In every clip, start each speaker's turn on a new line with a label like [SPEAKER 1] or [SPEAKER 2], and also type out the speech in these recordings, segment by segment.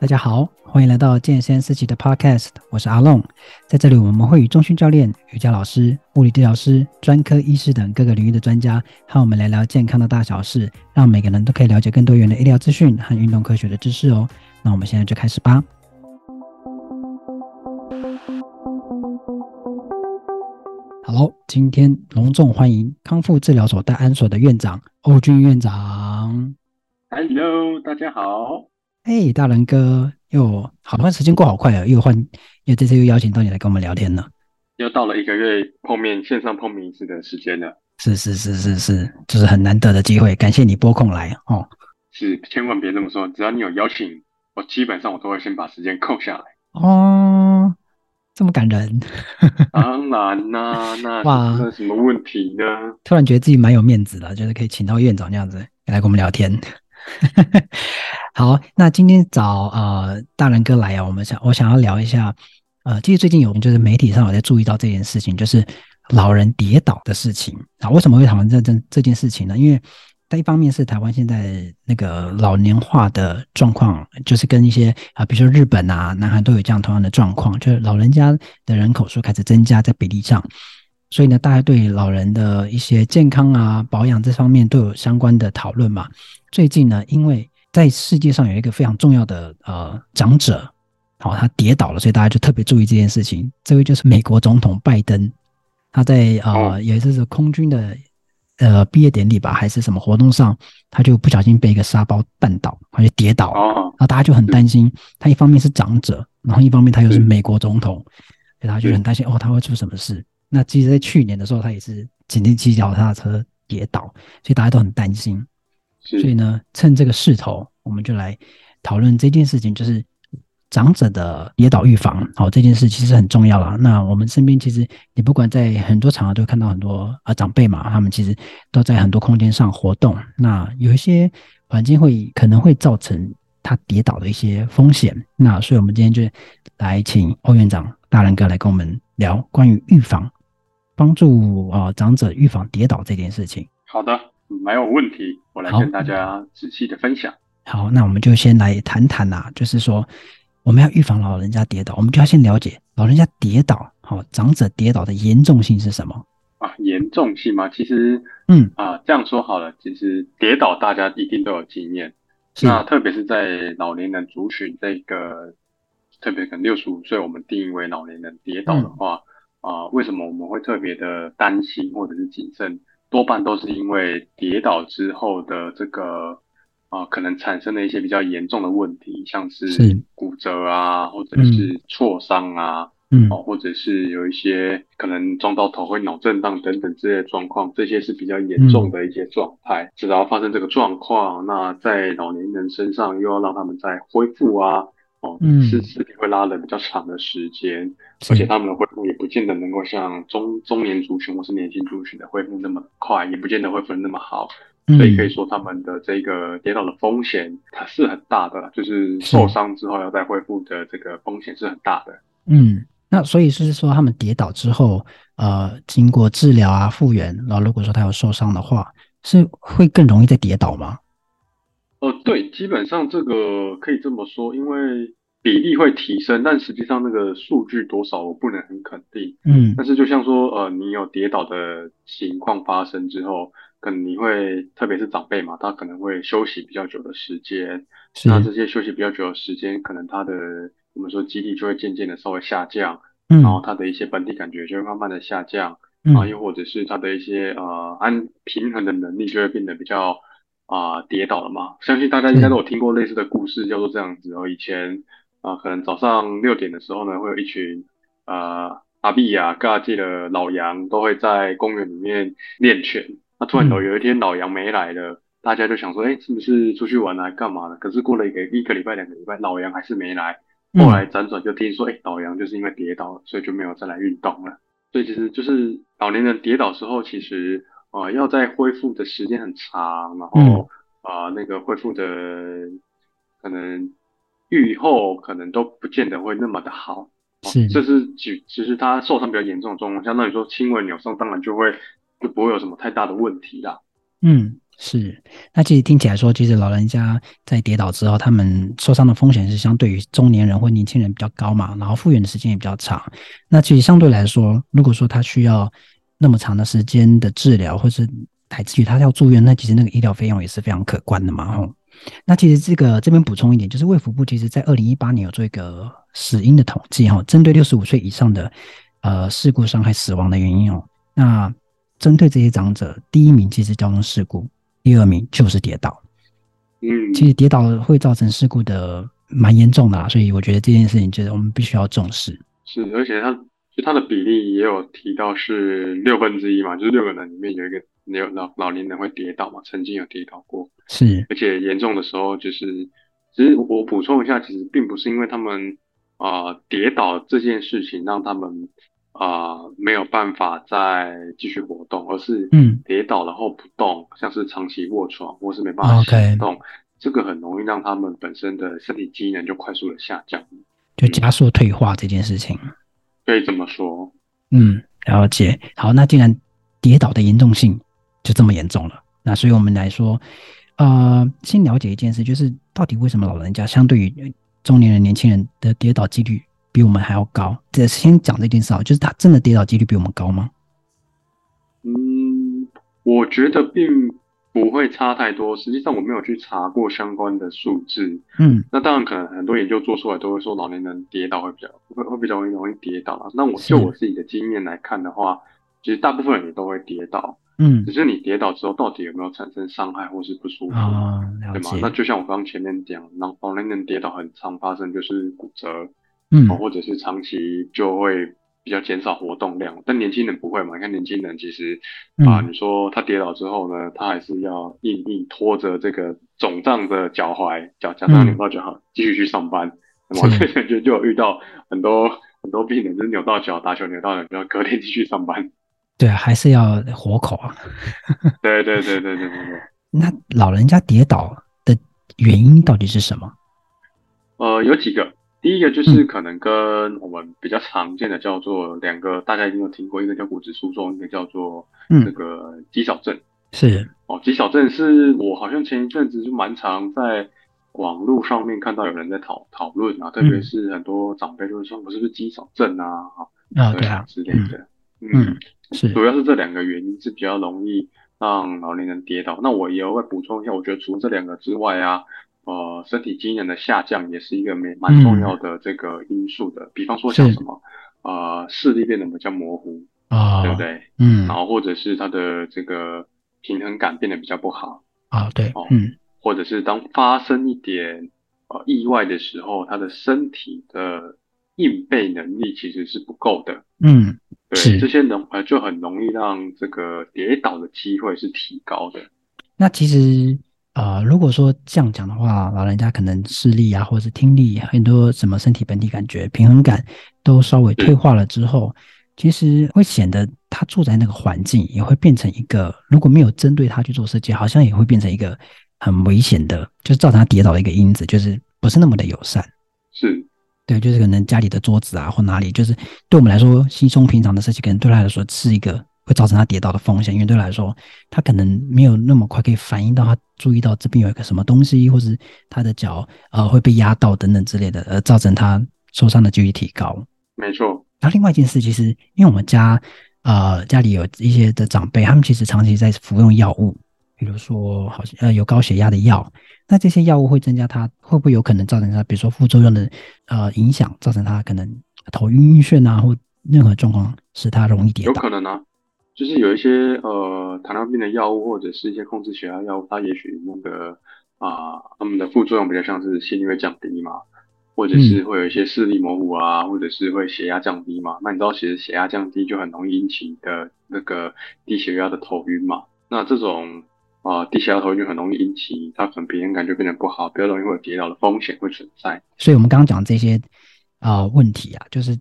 [SPEAKER 1] 大家好，歡迎來到健先思齊的 Podcast，我是阿龍。在這裡，我們會與重訓教練、瑜伽老師、物理治療師、專科醫師等各個領域的專家，和我們聊聊健康的大小事，讓每個人都可以了解更多元的醫療資訊和運動科學的知識哦。那我們現在就開始吧。Hello，今天隆重歡迎康復治療所大安所的院長歐峻邑院長。Hello，大家好。嘿、hey，大仁哥，又好快時間過好快了，又換，又這次又邀請到你來跟我們聊天了。
[SPEAKER 2] 又到了一個月碰面線上碰面一次的時間了。
[SPEAKER 1] 是是是是是，這，就是很難得的機會，感謝你撥空來哦。
[SPEAKER 2] 是，千萬別這麼說，只要你有邀請，我基本上我都會先把時間空下來。
[SPEAKER 1] 哦，這麼感人？
[SPEAKER 2] 當然啦，那，那哇，那是什麼問題呢？
[SPEAKER 1] 突然覺得自己蠻有面子的，就是可以請到院長這樣子來跟我們聊天。 好，那今天找呃大仁哥來啊。我們想我想要聊一下，呃，其實最近有就是媒體上我在注意到這件事情，就是老人跌倒的事情啊。為什麼會討論這這這件事情呢？因為他一方面是台灣現在那個老年化的狀況，就是跟一些啊、呃，比如說日本啊、南韓都有這樣同樣的狀況，就是老人家的人口數開始增加，在比例上。所以呢，大家對老人的一些健康啊、保養這方面都有相關的討論嘛。最近呢，因為在世界上有一個非常重要的呃長者，好、哦，他跌倒了，所以大家就特別注意這件事情。這位就是美國總統拜登，他在啊，呃 oh. 也就是空軍的呃畢業典禮吧，還是什麼活動上，他就不小心被一個沙包絆倒，他就跌倒。Oh. 然那大家就很擔心，他一方面是長者，然後一方面他又是美國總統，所以大家就很擔心、oh. 哦，他會出什麼事。那其實，在去年的時候，他也是緊急騎腳踏車跌倒，所以大家都很擔心。所以呢，趁這個勢頭，我們就來討論這件事情，就是長者的跌倒預防。好、哦，這件事其實很重要啦。那我們身邊其實，你不管在很多場合都看到很多啊長輩嘛，他們其實都在很多空間上活動。那有一些環境會可能會造成他跌倒的一些風險。那所以，我們今天就來請歐院長、大仁哥來跟我們聊關於預防。幫助啊，長者預防跌倒這件事情。
[SPEAKER 2] 好的，沒有問題，我來跟大家仔細的分享。
[SPEAKER 1] 好，好，那我們就先來談談啦、啊，就是說，我們要預防老人家跌倒，我們就要先了解老人家跌倒，好，長者跌倒的嚴重性是什麼？
[SPEAKER 2] 啊，嚴重性嗎？其實，嗯啊，這樣說好了，其實跌倒大家一定都有經驗。是，那特別是在老年人族群這個，特別可能六十五歲，我們定義為老年人跌倒的話。嗯啊、呃，為什麼我們會特別的擔心或者是謹慎？多半都是因為跌倒之後的這個啊、呃，可能產生了一些比較嚴重的問題，像是骨折啊，或者是挫傷啊、呃，或者是有一些可能撞到頭會腦震盪等等之類的狀況，這些是比較嚴重的一些狀態。直、嗯、到發生這個狀況，那在老年人身上又要讓他們再恢復啊。哦，是是，會拉的比較長的時間，嗯，而且他們的恢復也不見得能夠像中中年族群或是年輕族群的恢復那麼快，也不見得恢復那麼好。嗯，所以可以說，他們的這個跌倒的風險它是很大的，就是受傷之後要再恢復的這個風險是很大的。
[SPEAKER 1] 嗯，那所以是說，他們跌倒之後，呃，經過治療啊，復原，然後如果說他有受傷的話，是會更容易再跌倒嗎？
[SPEAKER 2] 呃，對，基本上這個可以這麼說，因為比例會提昇，但實際上那個數據多少我不能很肯定。嗯，但是就像說，呃，你有跌倒的情況發生之後，可能你會，特別是長輩嘛，他可能會休息比較久的時間。是。那這些休息比較久的時間，可能他的我們說肌力，就會漸漸的稍微下降。嗯。然後他的一些本體感覺就會慢慢的下降。嗯。啊，又或者是他的一些呃安平衡的能力就會變得比較。啊、呃，跌倒了嘛？相信大家應該都有聽過類似的故事，嗯、叫做這樣子。然後以前啊、呃，可能早上六點的時候呢，會有一群呃阿 B 呀、啊、尬 G 的老楊都會在公園裡面練拳。那突然有一天老楊沒來了，嗯、大家就想說，誒、欸、是不是出去玩了、啊？幹嘛呢？可是過了一個一個禮拜、兩個禮拜，老楊還是沒來。後來輾轉就聽說，誒、欸、老楊就是因為跌倒了，所以就沒有再來運動了。所以其、就、實、是、就是老年人跌倒時候，其實。啊、呃，要在恢復的時間很長，然後啊、嗯呃，那個恢復的可能預後可能都不見得會那麼的好。哦、是，這是其其實他受傷比較嚴重的狀況，相當於說輕微扭傷，當然就會就不會有什麼太大的問題啦。
[SPEAKER 1] 嗯，是。那其實聽起來說，其實老人家在跌倒之後，他們受傷的風險是相對於中年人或年輕人比較高嘛，然後復原的時間也比較長。那其實相對來說，如果說他需要。那麼長的時間的治療，或是來自於他要住院，那其實那個醫療費用也是非常可觀的嘛。那其實這個這邊補充一點，就是衛福部其實，在二零一八年有做一個死因的統計，哈，針對六十五歲以上的呃事故傷害死亡的原因哦，那針對這些長者，第一名其實交通事故，第二名就是跌倒。嗯，其實跌倒會造成事故的蠻嚴重的啦，所以我覺得這件事情就是我們必須要重視。
[SPEAKER 2] 是，而且他。就他的比例也有提到是六分之一嘛，就是六個人裡面有一個老老老年人會跌倒嘛，曾經有跌倒過。是，而且嚴重的時候就是，其實我補充一下，其實並不是因為他們啊、呃、跌倒這件事情讓他們啊、呃、沒有辦法再繼續活動，而是嗯跌倒了後不動、嗯，像是長期臥床或是沒辦法行動、Okay，這個很容易讓他們本身的身體機能就快速的下降，
[SPEAKER 1] 就加速退化這件事情。嗯
[SPEAKER 2] 可以
[SPEAKER 1] 這麼說，嗯，了解。好，那既然跌倒的嚴重性就這麼嚴重了，那所以我們來說，呃，先了解一件事，就是到底為什麼老人家相對於中年人、年輕人的跌倒幾率比我們還要高？這先講這件事啊，就是他真的跌倒幾率比我們高嗎？嗯，
[SPEAKER 2] 我覺得並。不會差太多，實際上我沒有去查過相關的數字，嗯，那當然可能很多研究做出來都會說老年人跌倒會比較會會比較容易容易跌倒啦，那我就我自己的經驗來看的話，其實大部分人也都會跌倒，嗯，只是你跌倒之後到底有沒有產生傷害或是不舒服，啊、對嗎？那就像我剛剛前面講，老老年人跌倒很常發生就是骨折，嗯，啊、或者是長期就會。比較減少活動量，但年輕人不會嘛？你看年輕人其實啊，你、嗯、說他跌倒之後呢，他還是要硬硬拖着這個腫脹的腳踝，腳腳上扭到腳繼續去上班。我感覺就，就，就有遇到很多很多病人，就是扭到腳打球扭到腳，隔天繼續上班。
[SPEAKER 1] 對，還是要活口啊。
[SPEAKER 2] 對對對對對
[SPEAKER 1] 對對。那老人家跌倒的原因到底是什麼？
[SPEAKER 2] 呃，有幾個。第一個就是可能跟我們比較常見的叫做兩個，大家一定有聽過，一個叫骨質疏鬆，一個叫做這個肌少症，嗯、是哦，肌少症是我好像前一陣子就蠻常在網路上面看到有人在討討論啊，嗯、特別是很多長輩就會說，我是不是肌少症啊？啊，對啊之類的，嗯，嗯
[SPEAKER 1] 是，
[SPEAKER 2] 主要是這兩個原因是比較容易讓老年人跌倒。那我也會補充一下，我覺得除了這兩個之外啊。呃，身體機能的下降也是一個蠻重要的這個因素的。嗯、比方說像什麼是，呃，視力變得比較模糊
[SPEAKER 1] 啊，對不對？
[SPEAKER 2] 嗯，然後或者是他的這個平衡感變得比較不好啊，對、呃，嗯，或者是當發生一點呃意外的時候，他的身體的應變能力其實是不夠的。嗯，對，這些能呃就很容易讓這個跌倒的機會是提高的。
[SPEAKER 1] 那其實。啊、呃，如果說這樣講的話，老人家可能視力啊，或者是聽力、啊，很多什麼身體本體感覺、平衡感都稍微退化了之後，其實會顯得他住在那個環境也會變成一個，如果沒有針對他去做設計，好像也會變成一個很危險的，就是造成他跌倒的一個因子，就是不是那麼的友善。是，對，就是可能家裡的桌子啊，或哪裡，就是對我們來說稀鬆平常的設計，可能對他來說是一個。會造成他跌倒的風險，因為對來說，他可能沒有那麼快可以反應到，他注意到這邊有一個什麼東西，或是他的腳呃會被壓到等等之類的，而造成他受傷的幾率提高。
[SPEAKER 2] 沒錯。然
[SPEAKER 1] 後另外一件事，其實因為我們家呃家裡有一些的長輩，他們其實長期在服用藥物，比如說好像呃有高血壓的藥，那這些藥物會增加他會不會有可能造成他，比如說副作用的呃影響，造成他可能頭暈暈眩啊，或任何狀況，使他容易跌倒？有可
[SPEAKER 2] 能啊。就是有一些呃糖尿病的藥物或者是一些控制血壓藥物，它也許那個啊，它、呃、們的副作用比較像是心率會降低嘛，或者是會有一些視力模糊啊，或者是會血壓降低嘛。那你知道，其實血壓降低就很容易引起的那個低血壓的頭暈嘛。那這種啊低、呃、血壓頭暈就很容易引起它可能平衡感覺變得不好，比較容易會有跌倒的風險會存在。
[SPEAKER 1] 所以我們剛剛講這些啊、呃、問題啊，就是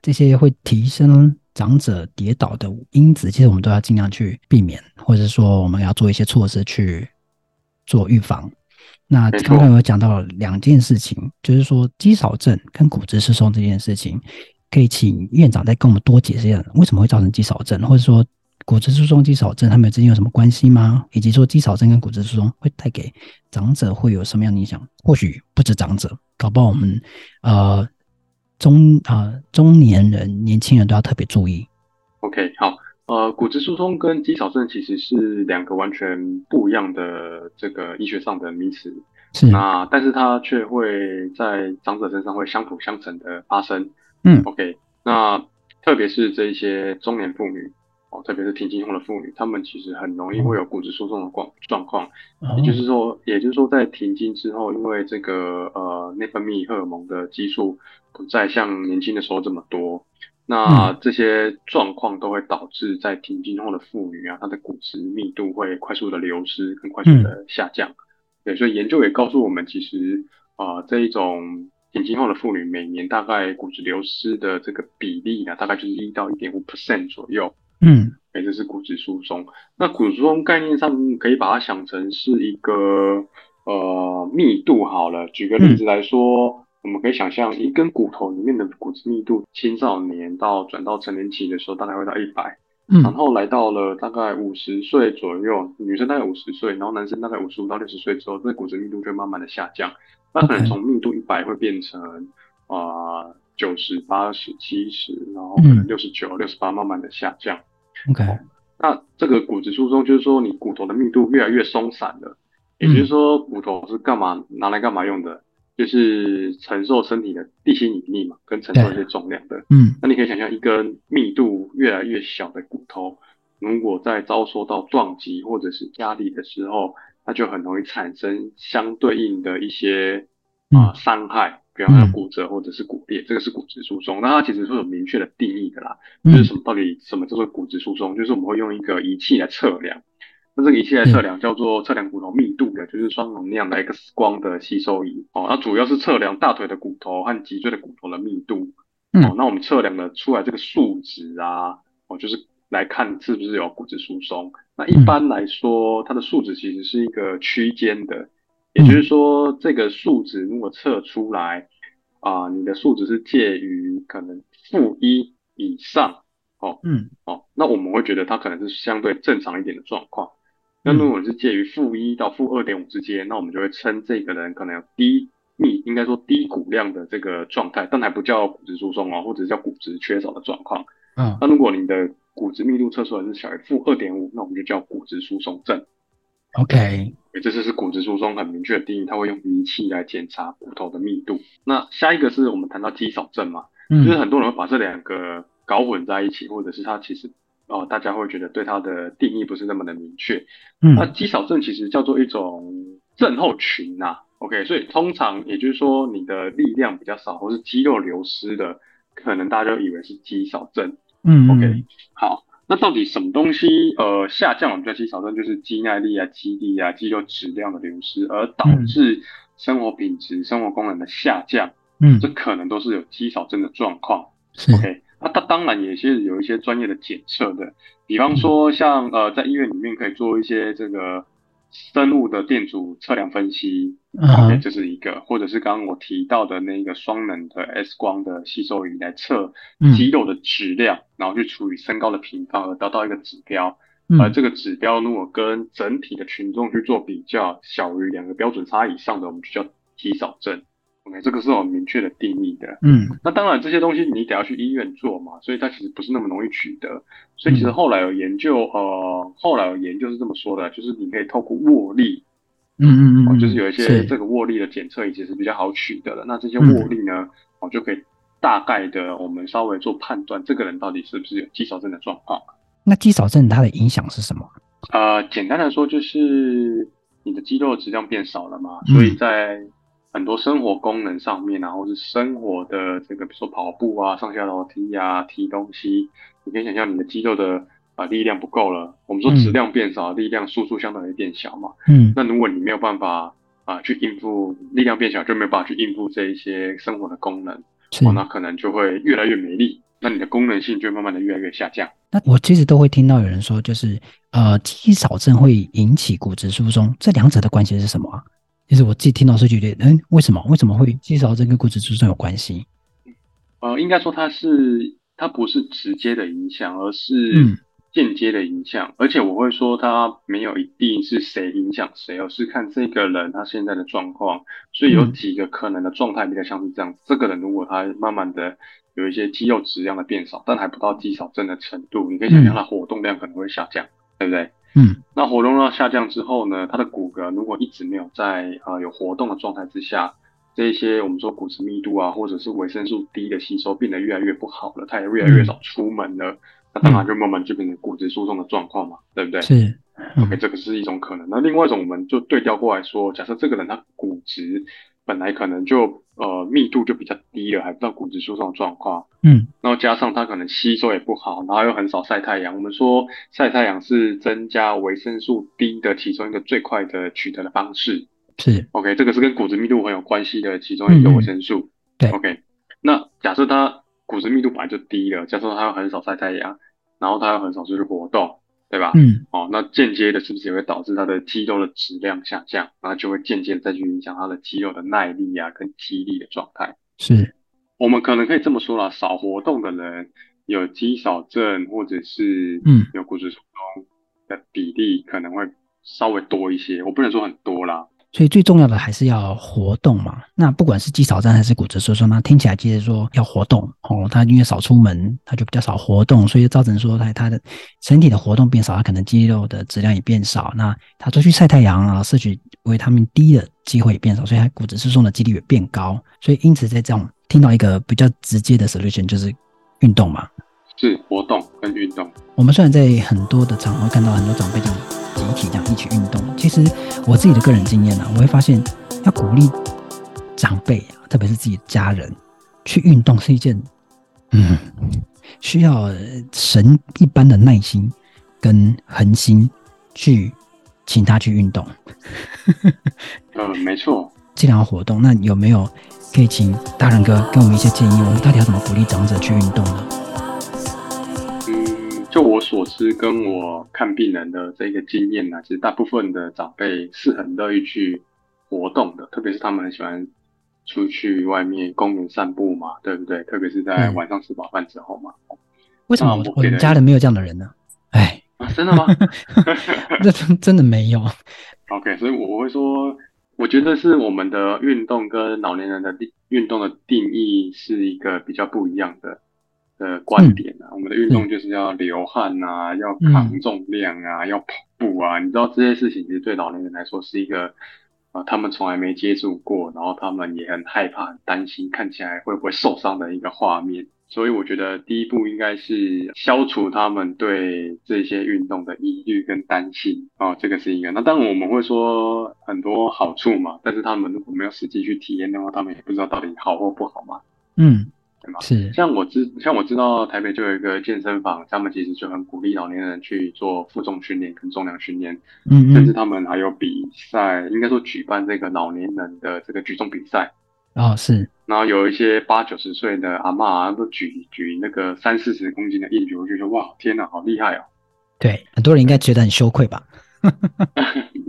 [SPEAKER 1] 這些會提升，長者跌倒的因子，其實我們都要盡量去避免，或者說我們要做一些措施去做預防。那剛剛有講到了兩件事情，就是說肌少症跟骨質疏鬆這件事情，可以請院長再跟我們多解釋一下，為什麼會造成肌少症，或者說骨質疏鬆、肌少症，他們之間有什麼關係嗎？以及說肌少症跟骨質疏鬆會帶給長者會有什麼樣的影響？或許不止長者，搞不好我們呃。中啊、呃，中年人、年輕人都要特別注意。
[SPEAKER 2] OK，好，呃，骨質疏鬆跟肌少症，其實是兩個完全不一樣的這個醫學上的名詞，是，
[SPEAKER 1] 那、
[SPEAKER 2] 呃、但是它卻會在長者身上會相輔相成的發生。嗯，OK，那特別是這一些中年婦女。特別是停經後的婦女，她們其實很容易會有骨質疏鬆的狀狀況。也就是說，oh. 也就是說，在停經之後，因為這個呃內分泌荷爾蒙的激素不再像年輕的時候這麼多，那這些狀況都會導致在停經後的婦女啊，她的骨質密度會快速的流失，很快速的下降。Oh. 對，所以研究也告訴我們，其實啊、呃、這一種停經後的婦女，每年大概骨質流失的這個比例呢、啊，大概就是一到一點五 percent 左右。嗯，哎、欸，這是骨質疏鬆。那骨質疏鬆概念上可以把它想成是一個呃密度好了。舉個例子來說，嗯、我們可以想象一根骨頭裡面的骨質密度，青少年到轉到成年期的時候，大概會到一百、嗯。然後來到了大概五十歲左右，女生大概五十歲，然後男生大概五十五到六十歲之後，那骨質密度就慢慢的下降。那可能從密度一百會變成啊。嗯呃九十、八十、七十，然後可能六十九、六十八，慢慢的下降。OK，、哦、那這個骨質疏鬆就是說你骨頭的密度越來越鬆散了、嗯，也就是說骨頭是幹嘛拿來幹嘛用的，就是承受身體的地心引力嘛，跟承受一些重量的。嗯，那你可以想象一根密度越來越小的骨頭，如果在遭受到撞擊或者是壓力的時候，它就很容易產生相對應的一些啊傷、呃嗯、害。比方說骨折或者是骨裂，嗯、這個是骨質疏鬆。那它其實是有明確的定義的啦，就是什麼到底什麼叫做骨質疏鬆？就是我們會用一個儀器來測量，那這個儀器來測量叫做測量骨頭密度的，就是雙能量的 X 光的吸收儀。哦，它主要是測量大腿的骨頭和脊椎的骨頭的密度。哦，那我們測量的出來這個數值啊，哦，就是來看是不是有骨質疏鬆。那一般來說，它的數值其實是一個區間的。也就是說，這個數值如果測出來啊、嗯呃，你的數值是介於可能負一以上，哦，嗯，哦，那我們會覺得它可能是相對正常一點的狀況。
[SPEAKER 1] 那、嗯、如果你是
[SPEAKER 2] 介於負一到負二點五之間，那我們就會稱這個人可能有低密，應該說低骨量的這個狀態，但還不叫骨質疏鬆啊、哦，或者叫骨質缺少的狀況。嗯，那如果你的骨質密度測出來是小於負二點五，那我們就叫骨質疏鬆症。OK，這就是骨質疏鬆很明確的定義，它會用儀器來檢查骨頭的密度。那下一個是我們談到肌少症嘛、嗯，
[SPEAKER 1] 就是很多
[SPEAKER 2] 人會把這兩個搞混在一起，或者是他其實哦、呃，大家會覺得對它的定義不是那麼的明確。嗯、那肌少症其實叫做一種症候群吶、啊，OK，所以通常也就是說你的力量比較少，或是肌肉流失的，可能大家都以為是肌少症，
[SPEAKER 1] 嗯，嗯，OK，
[SPEAKER 2] 好。那到底什麼東西，呃，下降？我們叫肌少症，就是肌耐力啊、肌力啊、肌肉質量的流失，而導致生活品質、嗯、生活功能的下降。嗯，這可能都是有肌少症的狀況。
[SPEAKER 1] 是。
[SPEAKER 2] OK，那它當然也是有一些專業的檢測的，比方說像呃，在醫院裡面可以做一些這個。生物的電阻測量分析，
[SPEAKER 1] 這、uh -huh.
[SPEAKER 2] 是一個，或者是剛剛我提到的那個雙能的 X 光的吸收儀來測肌肉的質量，uh -huh. 然後去除以身高的平方而得到一個指標，而、uh -huh. 呃、這個指標如果跟整體的群眾去做比較，小於兩個標準差以上的，我們就叫肌少症。OK，這個是我明確的定義的。嗯，那當然這些東西你得要去醫院做嘛，所以它其實不是那麼容易取得。所以其實後來有研究，嗯、呃，後來有研究是這麼說的，就是你可以透過握力，嗯嗯嗯，哦、就是有一些這個握力的檢測也其實比較好取得的。那這些握力呢，我、嗯哦、就可以大概的我們稍微做判斷，這個人到底是不是有肌少症的狀況。
[SPEAKER 1] 那肌少症它的影響是什麼？
[SPEAKER 2] 呃，簡單來說就是你的肌肉質量變少了嘛，嗯、所以在很多生活功能上面，啊，然後是生活的這個，比如說跑步啊、上下樓梯啊、提東西，你可以想象你的肌肉的啊、呃、力量不夠了。我們說質量變少，嗯、力量輸出相對也變小嘛。嗯，那如果你沒有辦法啊、呃、去應付力量變小，就沒有辦法去應付這一些生活的功能、哦，那可能就會越來越沒力。那你的功能性就慢慢的越來越下降。
[SPEAKER 1] 那我其實都會聽到有人說，就是呃肌少症會引起骨質疏鬆，這兩者的關係是什麼啊？其實我自己聽到是覺得，嗯，為什麼為什麼會肌少症跟骨質疏鬆有關係？
[SPEAKER 2] 呃，應該說它是它不是直接的影響，而是間接的影響。嗯、而且我會說它沒有一定是誰影響誰，而是看這個人他現在的狀況。所以有幾個可能的狀態比較像是這樣子、嗯，這個人如果他慢慢的有一些肌肉質量的變少，但還不到肌少症的程度，你可以想象他活動量可能會下降，嗯、對不對？嗯，那活動量下降之後呢？他的骨骼，如果一直沒有在啊、呃、有活動的狀態之下，這一些我們說骨質密度啊，或者是維生素 D 的吸收變得越來越不好了，他也越來越少出門了，嗯、那當然就慢慢就變成骨質疏鬆的狀況嘛、嗯，對不對？是、嗯，OK，這個是一種可能。那另外一種，我們就對調過來說，假設這個人他骨質。本來可能就呃密度，就比較低了，還不知道骨質疏鬆狀況。嗯，然後加上它可能吸收也不好，然後又很少曬太陽。我們說曬太陽是增加維生素 D 的其中一個最快的取得的方式。是，OK，這個是跟骨質密度很有關係的其中一個維生素。嗯嗯 okay, 對，OK，那假設它骨質密度本來就低了，假設它又很少曬太陽，然後它又很少出去活動。對吧？嗯，哦，那間接的是不是也會導致他的肌肉的質量下降，然後就會間接再去影響他的肌肉的耐力啊，跟肌力的狀態？是，我們可能可以這麼說啦，少活動的人有肌少症或者是嗯有骨質疏鬆的比例可能會稍微多一些，我不能說很多啦。
[SPEAKER 1] 所以最重要的還是要活動嘛。那不管是肌少症還是骨質疏鬆，那聽起來就是說要活動哦。他因為少出門，他就比較少活動，所以就造成說他他的身體的活動變少，他可能肌肉的質量也變少。那他出去曬太陽啊，攝取維他命 D 的機會也變少，所以他骨質疏鬆的幾率也變高。所以因此在這種聽到一個比較直接的 solution 就是運動嘛，
[SPEAKER 2] 是活動。運
[SPEAKER 1] 動，我們雖然在很多的場合看到很多長輩這樣集體這樣一起運動，其實我自己的個人經驗呢、啊，我會發現要鼓勵長輩、啊，特別是自己的家人去運動是一件，嗯，需要神一般的耐心跟恆心去請他去運動。 嗯，沒錯，這樣的活動，那有沒有可以請大人哥給我們一些建議？我們到底要怎麼鼓勵長者去運動呢？
[SPEAKER 2] 就我所知，跟我看病人的這個經驗呢、啊，其實大部分的長輩是很樂意去活動的，特別是他們很喜歡出去外面公園散步嘛，對不對？特別是在晚上吃飽飯之後嘛。為什麼我，我們家人沒有這樣的人呢、
[SPEAKER 1] 啊？哎、啊，真的嗎？那真的沒有。
[SPEAKER 2] OK，所以我我會說，我覺得是我們的運動跟老年人的運動的定義是一個比較不一樣的。的觀點啊，嗯、我們的運動就是要流汗啊，嗯、要扛重量啊、嗯，要跑步啊，你知道這些事情其實對老年人來說是一個呃，他們從來沒接觸過，然後他們也很害怕、很擔心，看起來會不會受傷的一個畫面。所以我覺得第一步應該是消除他們對這些運動的疑慮跟擔心啊、呃，這個是一個。那當然我們會說很多好處嘛，但是他們如果沒有實際去體驗的話，他們也不知道到底好或不好嘛。嗯。對嗎？是像我知像我知道台北就有一個健身房，他們其實就很鼓勵老年人去做負重訓練跟重量訓練，嗯，嗯，甚至他們還有比賽，應該說舉辦這個老年人的這個舉重比賽。
[SPEAKER 1] 哦，是，
[SPEAKER 2] 然後有一些八九十歲的阿媽啊，都舉、舉那個三四十公斤的硬舉，我就說哇，天哪，好厲害哦、啊！
[SPEAKER 1] 對，很多人應該覺得很羞愧吧？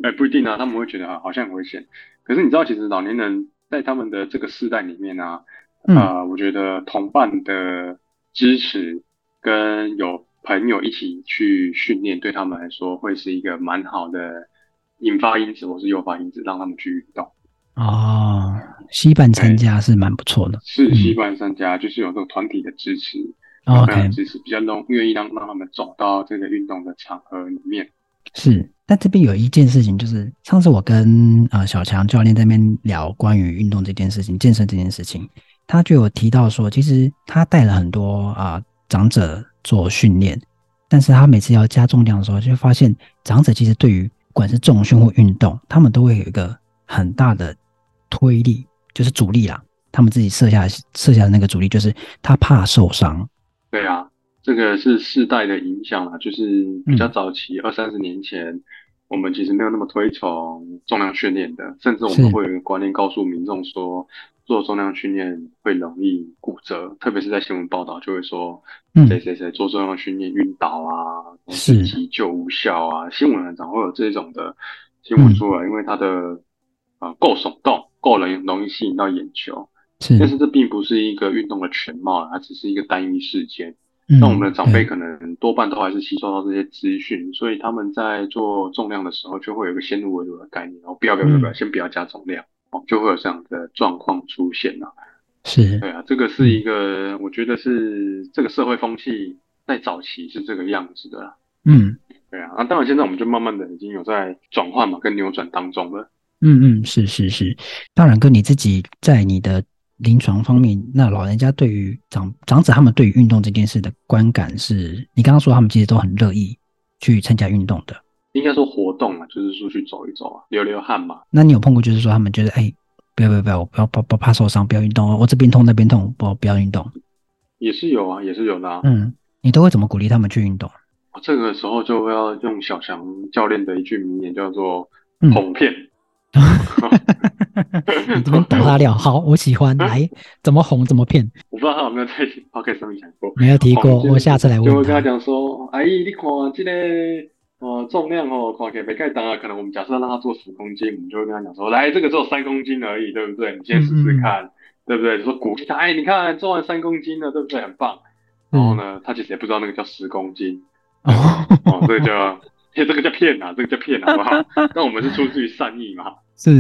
[SPEAKER 2] 哎， 不一定啊，他們會覺得好像很危險。可是你知道，其實老年人在他們的這個世代裡面啊。啊、嗯呃，我覺得同伴的支持跟有朋友一起去訓練，對他們來說會是一個蠻好的引發因子或是誘發因子，讓他們去運動。
[SPEAKER 1] 哦，攜伴參加是蠻不錯的，嗯、是攜
[SPEAKER 2] 伴參加就是有這種團體的支持，
[SPEAKER 1] 同伴的支
[SPEAKER 2] 持比較容願意讓讓他們走到這個運動的場合裡面。
[SPEAKER 1] 是，但這邊有一件事情，就是上次我跟啊、呃、小強教練在那邊聊關於運動這件事情，健身這件事情，他就有提到說，其實他帶了很多啊、呃、長者做訓練，但是他每次要加重量的時候，就發現長者其實對於不管是重訓或運動，他們都會有一個很大的推力，就是阻力啦。他們自己設下設下的那個阻力，就是他怕受傷。
[SPEAKER 2] 對啊，這個是世代的影響啦，就是比較早期二三十年前，我們其實沒有那麼推崇重量訓練的，甚至我們會有一個觀念告訴民眾說。做重量訓練會容易骨折，特別是在新聞報道就會說誰誰誰做重量訓練暈倒啊，是急救無效啊，新聞上常會有這種的新聞出來，因為它的啊夠聳動，夠容易容易吸引到眼球。是，但是這並不是一個運動的全貌啦，它只是一個單一事件。那我們的長輩可能多半都還是吸收到這些資訊、嗯，所以他們在做重量的時候就會有一個先入為主的概念，然後不要不要不要，嗯、先不要加重量。哦，就會有這樣的狀況出現吶、啊，
[SPEAKER 1] 是對
[SPEAKER 2] 啊，這個是一個，我覺得是這個社會風氣在早期是這個樣子的，
[SPEAKER 1] 嗯，
[SPEAKER 2] 對啊，那、啊、當然現在我們就慢慢的已經有在轉換嘛，跟扭轉當中了，
[SPEAKER 1] 嗯嗯，是是是，當然哥你自己在你的臨床方面，那老人家對於長長子他們對於運動這件事的觀感是，你剛剛說他們其實都很樂意去參加運動的。
[SPEAKER 2] 應該說活動啊，就是出去走一走啊，流流汗嘛。
[SPEAKER 1] 那你有碰過，就是說他們覺得，哎、欸，不要不要不要，我不要怕怕怕受傷，不要運動我這邊痛那邊痛，不不要運動。
[SPEAKER 2] 也是有啊，也是有的、啊。
[SPEAKER 1] 嗯，你都會怎麼鼓勵他們去運動？
[SPEAKER 2] 我這個時候就會要用小翔教練的一句名言，叫做“哄、嗯、騙”。
[SPEAKER 1] 你這邊打他掉？好，我喜歡。 來，怎麼哄怎麼騙。
[SPEAKER 2] 我不知道他有沒有在 podcast 上面講過，沒有提過。我下次來問他。就會跟他講說，阿、欸、姨，你看今、這、天、個。哦、呃，重量哦，抱歉沒蓋章啊。可能我們假設讓他做十公斤，我們就會跟他講說，來這個只有三公斤而已，對不對？你先試試看嗯嗯，對不對？你說鼓勵他，哎、欸，你看做完三公斤了，對不對？很棒。然後呢，他其實也不知道那個叫十公斤。嗯、哦 所以，這個就，這這個叫騙啊，這個叫騙，好不好？那 我們是出自於善意嘛？是。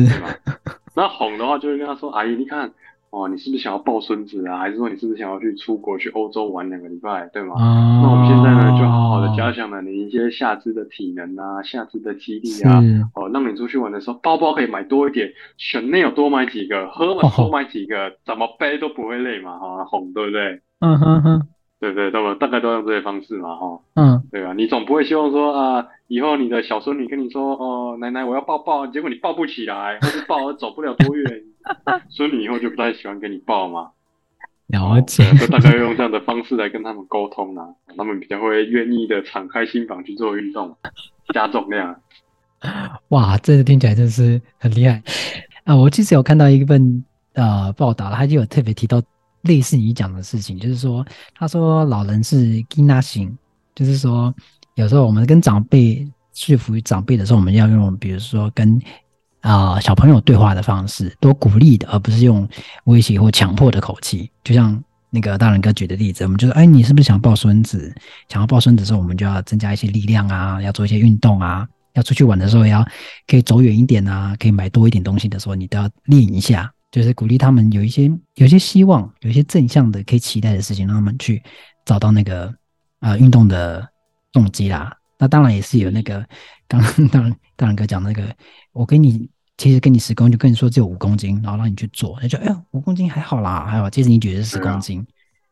[SPEAKER 2] 那哄的話就是跟他說，阿姨你看。哦，你是不是想要抱孫子啊？還是說你是不是想要去出國去歐洲玩兩個禮拜，對嗎？Oh. 那我們現在呢，就好好的加強了你一些下肢的體能啊，下肢的肌力啊。哦，讓你出去玩的時候，包包可以買多一點，Chanel 多買幾個，喝了多買幾個，oh. 怎麼背都不會累嘛，哈、哦，哄，對不對？嗯哼哼，對不對，對？那麼大概都要用這些方式嘛，哈、哦。嗯、uh -huh.，對吧？你總不會希望說啊、呃，以後你的小孫女跟你說，哦、呃，奶奶我要抱抱，結果你抱不起來，或是抱而走不了多遠。 所以你以後就不太喜歡給你抱嗎？
[SPEAKER 1] 了解、哦，就大概
[SPEAKER 2] 用這樣的方式來跟他們溝通啊，他們比較會願意的敞開心房去做運動，加重量。
[SPEAKER 1] 哇，這個聽起來真是很厲害啊、呃！我其實有看到一份呃報道，他就有特別提到類似你講的事情，就是說，他說老人是金納型，就是說有時候我們跟長輩說服於長輩的時候，我們要用比如說跟。啊、呃，小朋友對話的方式多鼓勵的，而不是用威脅或強迫的口氣。就像那個大仁哥舉的例子，我們就說，哎，你是不是想抱孫子？想要抱孫子的時候，我們就要增加一些力量啊，要做一些運動啊，要出去玩的時候也要可以走遠一點啊，可以買多一點東西的時候，你都要練一下。就是鼓勵他們有一些、有一些希望，有一些正向的可以期待的事情，讓他們去找到那個啊、呃、運動的動機啦。那當然也是有那個，剛剛大龍哥講那個，我給你其實給你十公斤，就跟你說只有五公斤，然後讓你去做，那就哎呀五公斤還好啦，還好，其實你舉的是十公斤，啊，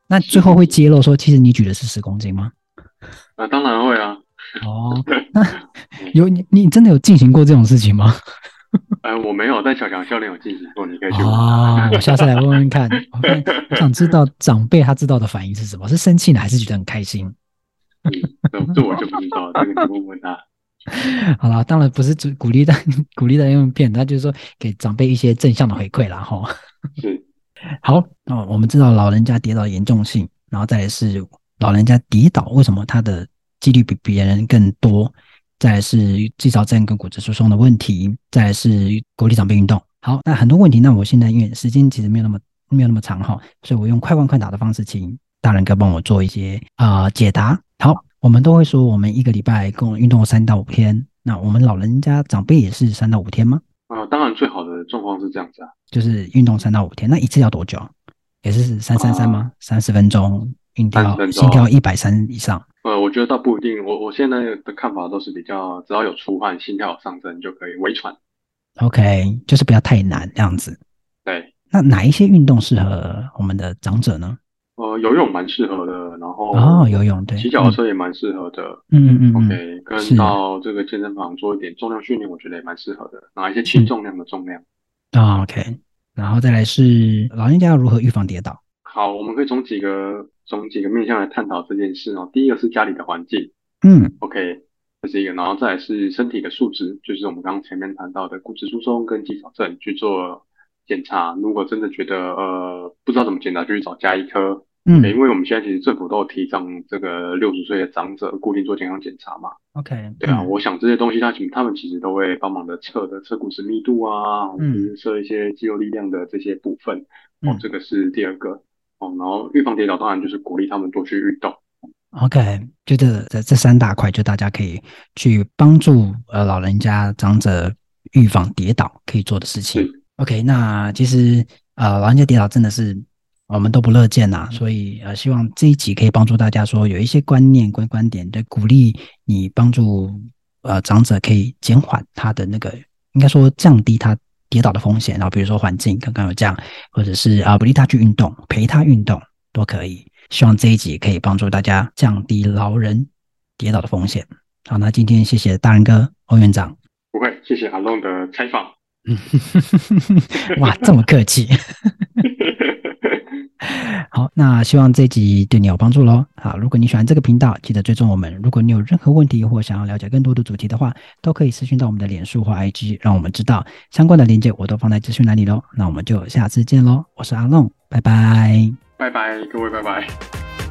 [SPEAKER 1] 那最後會揭露，說其實你舉的是十公斤嗎？
[SPEAKER 2] 那，啊、當然會啊。哦，
[SPEAKER 1] 那有你你真的有進行過這種事情嗎？
[SPEAKER 2] 哎、 呃，我沒有，但小強教練有進行過，你可以去啊、 哦。我下次來問問
[SPEAKER 1] 看， OK, 想知道長輩他知道的反應是什麼？是生氣呢，還是覺得很開心？ 這我就不知道， 這個你問問他。好了，當然不是只鼓勵他，鼓勵他用片，那就是說給長輩一些正向的回饋了哈。是，好，那、哦、我們知道老人家跌倒的嚴重性，然後再來是老人家跌倒為什麼他的幾率比別人更多，再來是肌少症跟骨質疏鬆的問題，再來是鼓勵長輩運動。好，那很多問題，那我現在因為時間其實沒有那麼沒有那麼長哈，所以我用快問快答的方式，請大仁哥幫我做一些啊、呃、解答。我們都會說，我們一個禮拜共運動三到五天。那我們老人家長輩也是三到五天嗎？啊、呃，當然，最好的狀況是這樣子啊，就是運動三到五天。那一次要多久？啊？也是三三三嗎？三十分鐘，運動，心跳一百三以上？呃，
[SPEAKER 2] 我覺得倒不一定。我我現在的看法都是比較，只要有出汗、心跳有上升就可以微
[SPEAKER 1] 喘。OK，就是不要太難這樣子。對，那哪一些運動適合我們的長者呢？
[SPEAKER 2] 呃，游泳蠻適合的，嗯、然後哦，游泳對，騎腳踏車也蠻適合的，嗯
[SPEAKER 1] okay，
[SPEAKER 2] 嗯，OK、嗯、跟到這個健身房做一點重量訓練，我覺得也蠻適合的，拿一些輕重量的重量，
[SPEAKER 1] 啊、嗯哦、OK，然後再來是老人家要如何預防跌倒？
[SPEAKER 2] 好，我們可以從幾個從幾個面向來探討這件事哦。然後第一個是家裡的環境，嗯，OK，這是一個，然後再來是身體的素質，就是我們剛剛前面談到的骨質疏鬆跟肌少症去做檢查，如果真的覺得呃不知道怎麼檢查，就去找家醫科。
[SPEAKER 1] 嗯，因為我
[SPEAKER 2] 們現在其實政府都有提倡這個六十歲的長者固定做健康檢查嘛。
[SPEAKER 1] OK。對啊、嗯，
[SPEAKER 2] 我想這些東西，他其他們其實都會幫忙的測的測骨質密度啊，嗯，測一些肌肉力量的這些部分、嗯。哦，這個是第二個。哦，然後預防跌倒，當然就是鼓勵他們多去運動。
[SPEAKER 1] OK，就這這三大塊，就大家可以去幫助呃老人家長者預防跌倒可以做的事情。OK，那其實呃，老人家跌倒真的是我們都不樂見吶、啊，所以呃，希望這一集可以幫助大家說有一些觀念觀觀點，對鼓勵你幫助呃長者可以減緩他的那個應該說，降低他跌倒的風險，然後比如說環境剛剛有講，或者是啊鼓勵他去運動，陪他運動都可以。希望這一集可以幫助大家降低老人跌倒的風險。好，那今天謝謝大仁哥、歐院長。
[SPEAKER 2] 不會，謝謝阿龍的採訪。
[SPEAKER 1] 嗯， 哇，這麼客氣， 好，那希望這集對你有幫助嘍。好，如果你喜歡這個頻道，記得追蹤我們。如果你有任何問題或想要了解更多的主題的話，都可以私訊到我們的臉書或 IG，讓我們知道。相關的鏈接我都放在資訊欄裡嘍。那我們就下次見嘍，我是阿弄，拜拜，
[SPEAKER 2] 拜拜，各位拜拜。